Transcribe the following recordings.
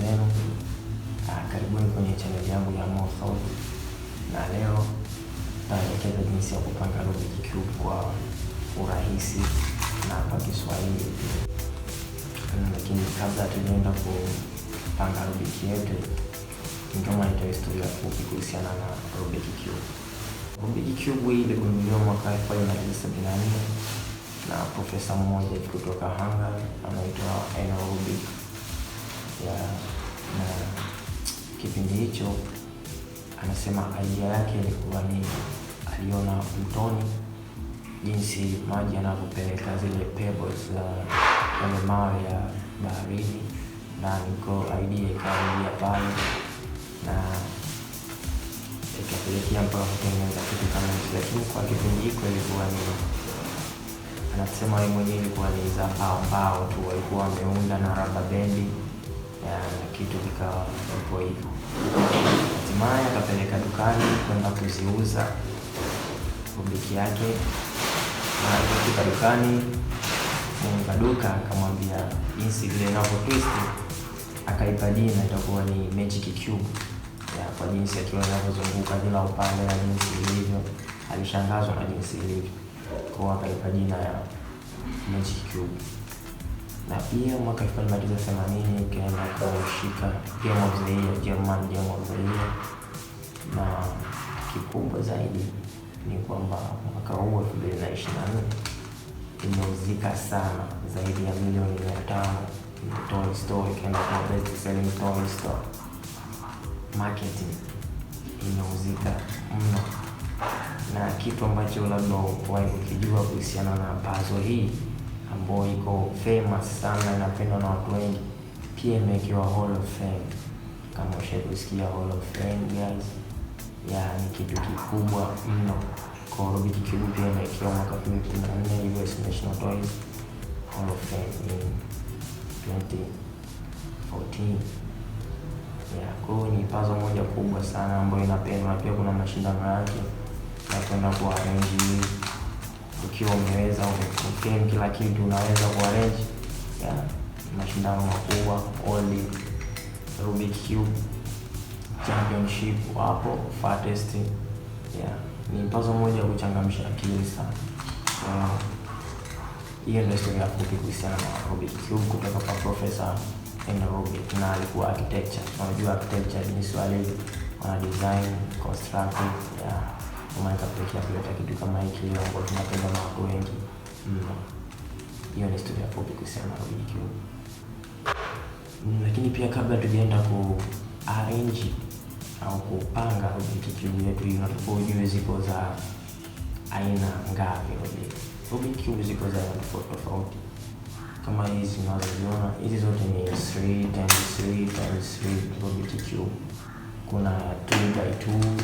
habari zenu. Ah, karibuni kwenye chaneli yangu ya Mo Thought, na leo taelekeza jinsi ya kupanga Rubik Cube kwa urahisi na kwa Kiswahili. Lakini kabla tunaenda kupanga Rubik yetu, ningoma nitoa historia fupi kuhusiana na Rubik Cube. Rubik Cube hii iligunduliwa mwaka 1974 na profesa mmoja kutoka Hungary anaitwa Eno ya, na kipindi hicho anasema idea yake ilikuwa ni aliona mtoni jinsi maji yanavyopeleka zile pebbles za yale mawe ya baharini, na niko aidia ikaingia pale na ikapelekea mpaka kutengeneza kitu kama hicho, lakini kwa kipindi hiko ilikuwa ni anasema yeye mwenyewe ilikuwa ni za mbao mbao tu walikuwa wameunda na raba bendi na kitu kikawa hapo hivyo. Hatimaye akapeleka dukani kwenda kuziuza bubiki yake. Alipofika dukani, mwenye duka akamwambia jinsi vile inavyo twist, akaipa jina itakuwa ni magic cube ya kwa jinsi akiwa inavyozunguka kila upande na jinsi ilivyo. Alishangazwa na jinsi ilivyo, kwa akaipa jina ya magic cube na pia mwaka 1980 ukaenda kushika Game of the Year, German Game of the Year, na kikubwa zaidi ni kwamba mwaka huu 2024 imeuzika sana zaidi ya milioni mia tano Toy Story ikaenda kwa best selling Toy store Marketing imeuzika mno, na kitu ambacho labda hukuwahi kukijua kuhusiana na pazo hii ambayo iko famous sana, inapendwa na watu wengi, pia imewekewa Hall of Fame. Kama ushawahi kusikia Hall of Fame guys, ya ni kitu kikubwa mno kwa Robbie Kikibu. Pia imewekewa mwaka 2014 US National Toys Hall of Fame in 2014. ya kwa ni pazo moja kubwa sana ambayo inapendwa, na pia kuna mashindano yake, napenda kuarrange ukiwa umeweza umefemu kila kitu, unaweza kuarrange yeah, mashindano makubwa only Rubik Cube championship hapo far test yeah, ni pazo moja kuchangamsha akili sana. Hiyo ndio story ya fupi kuhusiana na Rubik Cube kutoka kwa Professor N Rubik, na alikuwa architecture. Unajua architecture ni swali wana design construct yeah Umeweza kapelekea kuleta kitu kama hiki hiyo ambayo tunapenda na watu wengi mno. Hmm. Hiyo ni historia fupi kusema BBQ. Hmm, lakini pia kabla tujaenda ku arrange au kupanga BBQ yetu hiyo, natakuwa ujue ziko za aina ngapi. BBQ ziko za aina tofauti tofauti kama hizi unazoziona hizi zote ni 3 times 3 times 3 BBQ. Kuna 2 by 2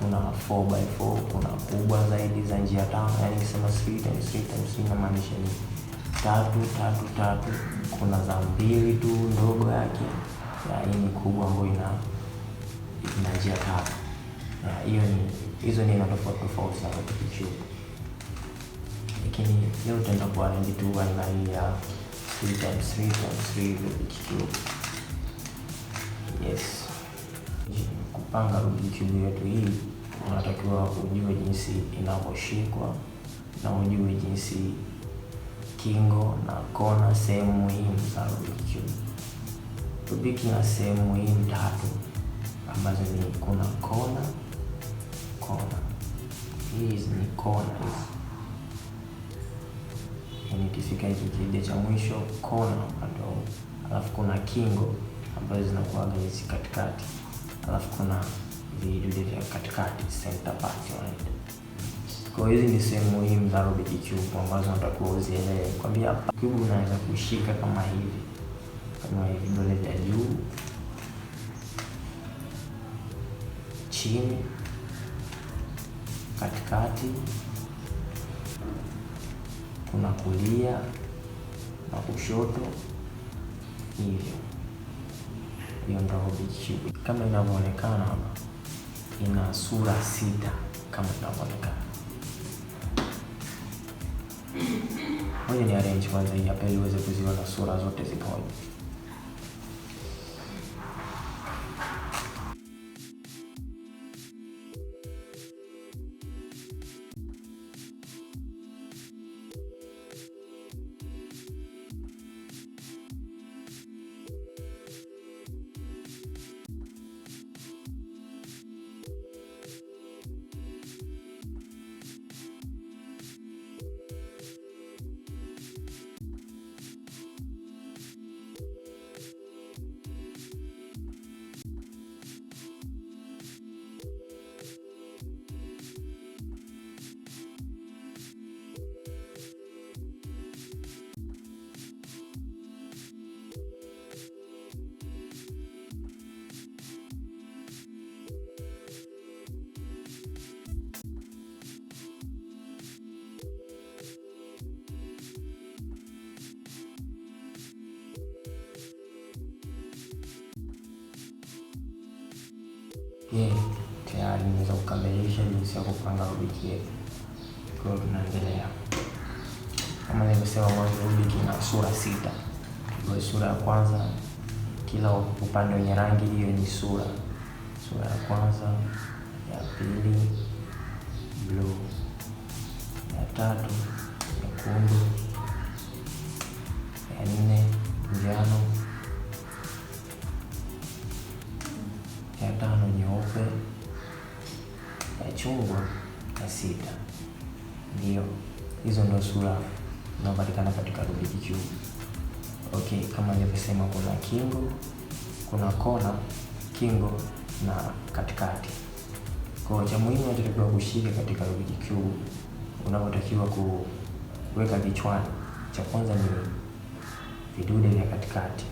kuna 4x4 kuna kubwa zaidi za njia tano, yani kisema 3 times 3 times 3 inamaanisha ni tatu tatu tatu. Kuna za mbili tu ndogo yake ya hii ni kubwa ambayo ina ina njia tatu. Hiyo ni hizo ni aina tofauti tofauti za rocket lakini leo tutaenda kuarrange tu aina hii ya 3 times 3 times 3 rocket Yes kupanga Rubik's yetu hii, unatakiwa ujue jinsi inavyoshikwa na ujue jinsi kingo na kona, sehemu muhimu za Rubik's Cube. na sehemu muhimu tatu ambazo ni kuna kona, kona hizi ni kona hizi, yaani hiki kide cha mwisho kona, alafu kuna kingo ambazo zinakuwa hizi katikati alafu kuna vidude vya katikati center partition. Kwa hiyo hizi ni sehemu muhimu za Rubik cube ambazo natakiwa uzielewe. Kwambia hapa cube unaweza kushika kama hivi, kama hivi, vidole vya juu chini, katikati, kuna kulia na kushoto, hivyo hiyo ndio Hobichubi. Kama inavyoonekana hapa, ina sura sita kama inavyoonekana. Ngoja ni arrange kwanza hii hapa ili uweze kuziona sura zote zipoje. je, tayari unaweza kukamilisha jinsi ya kupanga rubiki yetu. Kwa hiyo tunaendelea kama nilivyosema mwanzo, rubiki ina sura sita. Kwa sura ya kwanza, kila upande wenye rangi hiyo ni sura. Sura ya kwanza, ya pili bluu, ya tatu nyekundu sita. Ndio hizo ndo sura zinazopatikana katika rubiki cube. Okay, kama nilivyosema, kuna kingo, kuna kona, kingo na katikati. Kwa cha muhimu unachotakiwa kushika katika rubiki cube, unapotakiwa kuweka vichwani, cha kwanza ni vidude vya katikati.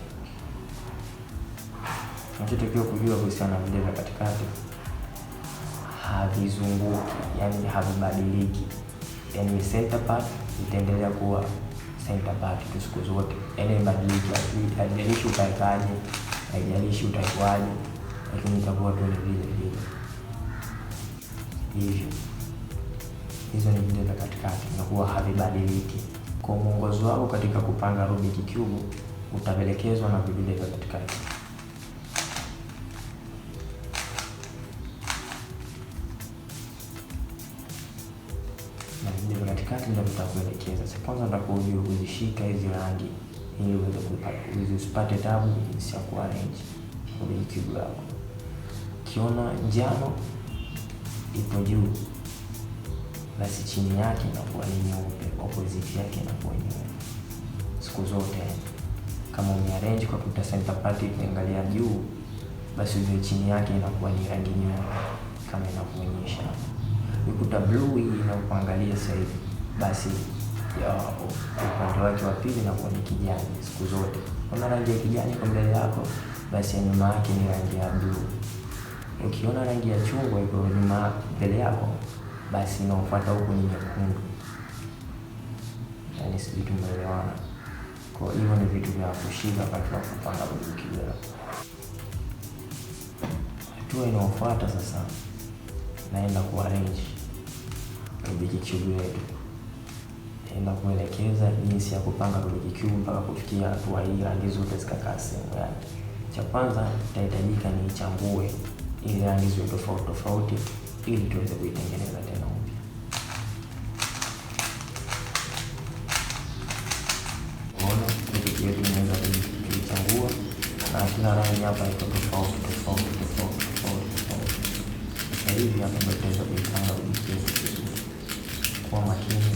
Unachotakiwa kujua kuhusiana na vidude vya katikati havizunguki, yani havibadiliki, yani center part itaendelea kuwa center part tu siku zote, yani ibadiliki, haijalishi utaikaje, haijalishi utaikwaje, lakini itakuwa tu ni vile vile hivyo. Hizo ni vile vya katikati, inakuwa havibadiliki. Kwa mwongozo wako katika kupanga Rubik Cube utapelekezwa na vile vya katikati. kazi ndio nitakuelekeza. Sasa kwanza nitakuambia kuzishika hizi rangi ili uweze kupata usipate tabu jinsi ya kuarrange kwenye YouTube yako. Ukiona njano ipo juu, basi chini yake inakuwa ni nyeupe, opposite yake inakuwa nyeupe siku zote. Kama umearrange kwa kuta center part ikiangalia juu, basi ile chini yake inakuwa ni rangi nyeupe kama inakuonyesha. Ukuta blue hii inakuangalia sasa hivi basi upande wake wa pili nakuwa ni kijani siku zote. Kama rangi ya kijani kwa mbele yako, basi ya nyuma yake ni rangi ya bluu. Ukiona rangi ya chungwa iko nyuma mbele yako, basi inaofuata huku ni nyekundu. Yaani sijui tumeelewana. Kwa hivyo ni vitu vya kushika wakati wa kupanga bujukira. Hatua inaofuata sasa, naenda kuarrange vijichuguu yetu na kumwelekeza jinsi ya kupanga Rubik's Cube mpaka kufikia hatua hii rangi zote zikakaa sehemu yake. Cha kwanza itahitajika ichambue ili rangi ziwe tofauti tofauti ili tuweze kuitengeneza tena upya. Unaona kitu chetu tunaweza kuichambua na kila rangi hapa iko tofauti tofauti tofauti tofauti tofauti. Sasa hivi hapa ndio tutaweza kuipanga Rubik's Cube kwa makini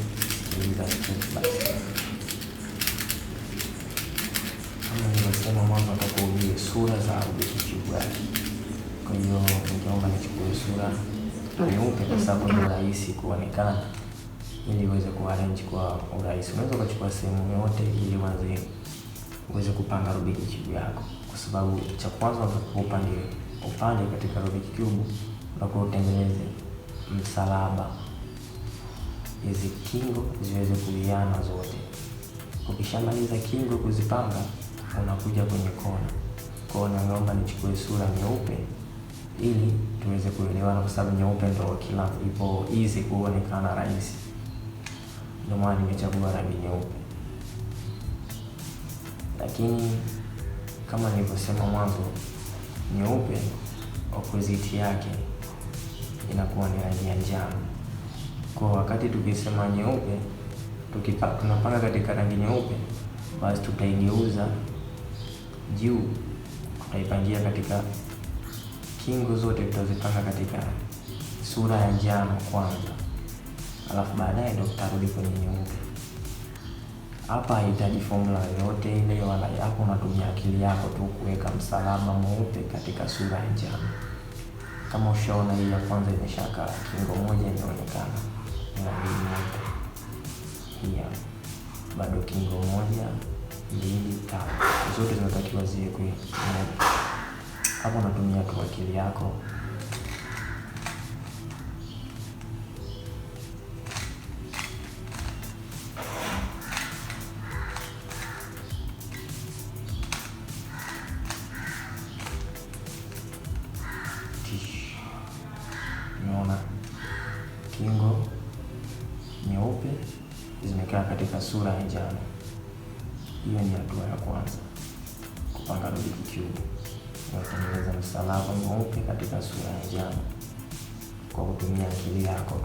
kama mwanzo, nitakuambia sura za ubikishivu yake Kwa hiyo nikaomba nichukue sura nyeupe kwa sababu ni rahisi kuonekana, ili uweze kuarrange kwa urahisi. Unaweza ukachukua sehemu yoyote, ili uanze uweze kupanga Rubik's Cube yako, kwa sababu cha kwanza upande upande katika Rubik's Cube unakuwa utengeneze msalaba hizi kingo ziweze kuiana zote. Ukishamaliza kingo kuzipanga, unakuja kwenye kona. Kwa hiyo naomba nichukue sura nyeupe ili tuweze kuelewana, kwa sababu nyeupe ndo kila ipo easy kuonekana rahisi, ndio maana nimechagua rangi nyeupe. Lakini kama nilivyosema mwanzo, nyeupe opposite yake inakuwa ni rangi ya njano. Kwa wakati tukisema nyeupe, tunapanga katika rangi nyeupe, basi tutaigeuza juu, tutaipangia katika kingo zote, tutazipanga katika sura ya njano kwanza, alafu baadaye ndo tutarudi kwenye nyeupe. Hapa haihitaji formula yoyote ile, wala hapo unatumia akili yako tu kuweka msalaba mweupe katika sura ya njano. Kama ushaona hii ya kwanza imeshakaa, kingo moja inaonekana mwili Pia bado kingo moja, mbili, tatu, zote zinatakiwa ziwe kwenye hapo. Unatumia tu akili yako kingo nyeupe zimekaa katika sura ya njano. Hiyo ni hatua ya kwanza, kupanga Rubik's Cube. Unatengeneza msalaba mweupe katika sura ya njano kwa kutumia akili yako.